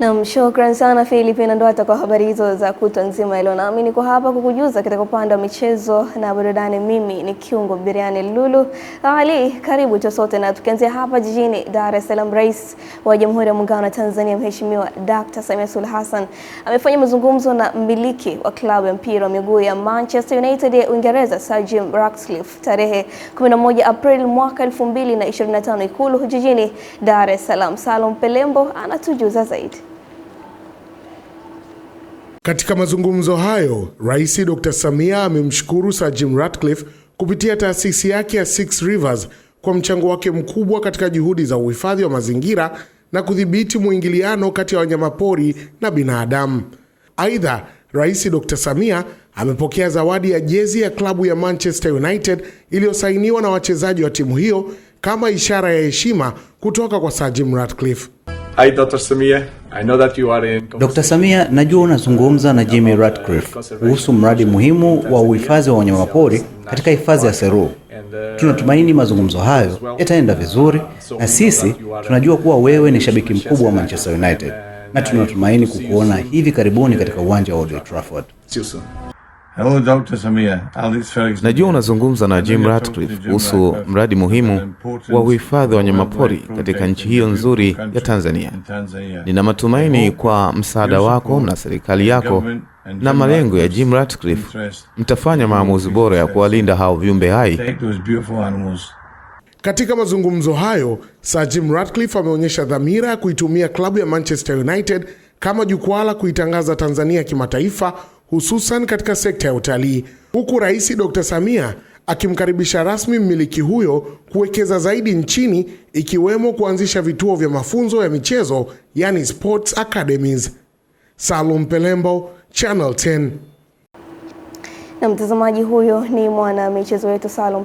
Nam, shukran sana Philip na Ndwata kwa habari hizo za kutwa nzima leo. Nami niko hapa kukujuza katika upande wa michezo na burudani. Mimi ni kiungo Biriani Lulu Ali, karibu tosote na tukianzia hapa jijini Dar es Salaam, Rais wa Jamhuri ya Muungano wa Tanzania Mheshimiwa Dr. Samia Suluhu Hassan amefanya mazungumzo na mmiliki wa klabu ya mpira wa miguu ya Manchester United ya Uingereza Sir Jim Ratcliffe tarehe 11 Aprili mwaka 2025 Ikulu jijini Dar es Salaam. Salum Pelembo anatujuza zaidi. Katika mazungumzo hayo, Rais Dr. Samia amemshukuru Sir Jim Ratcliffe kupitia taasisi yake ya Six Rivers kwa mchango wake mkubwa katika juhudi za uhifadhi wa mazingira na kudhibiti mwingiliano kati ya wanyamapori na binadamu. Aidha, Rais Dr. Samia amepokea zawadi ya jezi ya klabu ya Manchester United iliyosainiwa na wachezaji wa timu hiyo kama ishara ya heshima kutoka kwa Sir Jim Ratcliffe. Hi, Dr. Samia. I know that you are in... Dr. Samia, najua unazungumza na Jimmy Ratcliffe kuhusu mradi muhimu wa uhifadhi wa wanyamapori katika hifadhi ya Seru. Tunatumaini mazungumzo hayo yataenda vizuri na sisi tunajua kuwa wewe ni shabiki mkubwa wa Manchester United na tunatumaini kukuona hivi karibuni katika uwanja wa Old Trafford. Najua unazungumza na Jim Ratcliffe kuhusu mradi muhimu wa uhifadhi wa wanyamapori katika nchi hiyo nzuri ya Tanzania. Nina matumaini kwa msaada wako na serikali yako na malengo ya Jim Ratcliffe mtafanya maamuzi bora ya kuwalinda hao viumbe hai. Katika mazungumzo hayo, Sir Jim Ratcliffe ameonyesha dhamira ya kuitumia klabu ya Manchester United kama jukwaa la kuitangaza Tanzania kimataifa hususan katika sekta ya utalii, huku Rais Dr. Samia akimkaribisha rasmi mmiliki huyo kuwekeza zaidi nchini ikiwemo kuanzisha vituo vya mafunzo ya michezo yani sports academies. Salum Pelembo, Channel 10. Na mtazamaji, huyo ni mwana michezo wetu Salum